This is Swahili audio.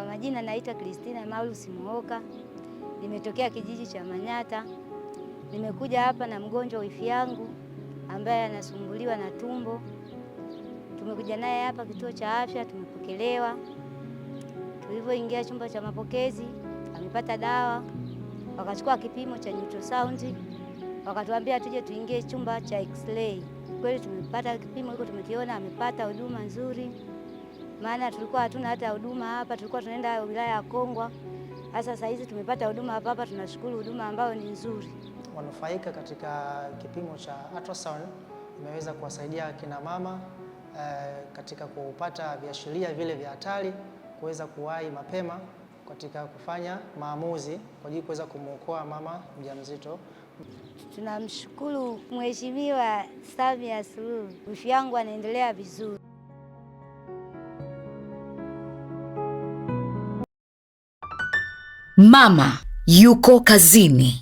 Kwa majina naitwa Kristina Maulus Muhoka, nimetokea kijiji cha Manyata. Nimekuja hapa na mgonjwa wifi yangu ambaye anasumbuliwa na tumbo. Tumekuja naye hapa kituo cha afya, tumepokelewa. Tulivyoingia chumba cha mapokezi, amepata dawa, wakachukua kipimo cha ultrasound, wakatuambia tuje tuingie chumba cha x-ray. Kweli tumepata kipimo hiko, tumekiona, amepata huduma nzuri maana tulikuwa hatuna hata huduma hapa, tulikuwa tunaenda wilaya ya Kongwa. Sasa saa hizi tumepata huduma hapa hapa, tunashukuru huduma ambayo ni nzuri. Wanufaika katika kipimo cha ultrasound imeweza kuwasaidia kina mama eh, katika kupata viashiria vile vya hatari, kuweza kuwahi mapema katika kufanya maamuzi kwa ajili kuweza kumwokoa mama mjamzito. Tunamshukuru Mheshimiwa Samia Suluhu, wifi yangu anaendelea vizuri. Mama yuko kazini.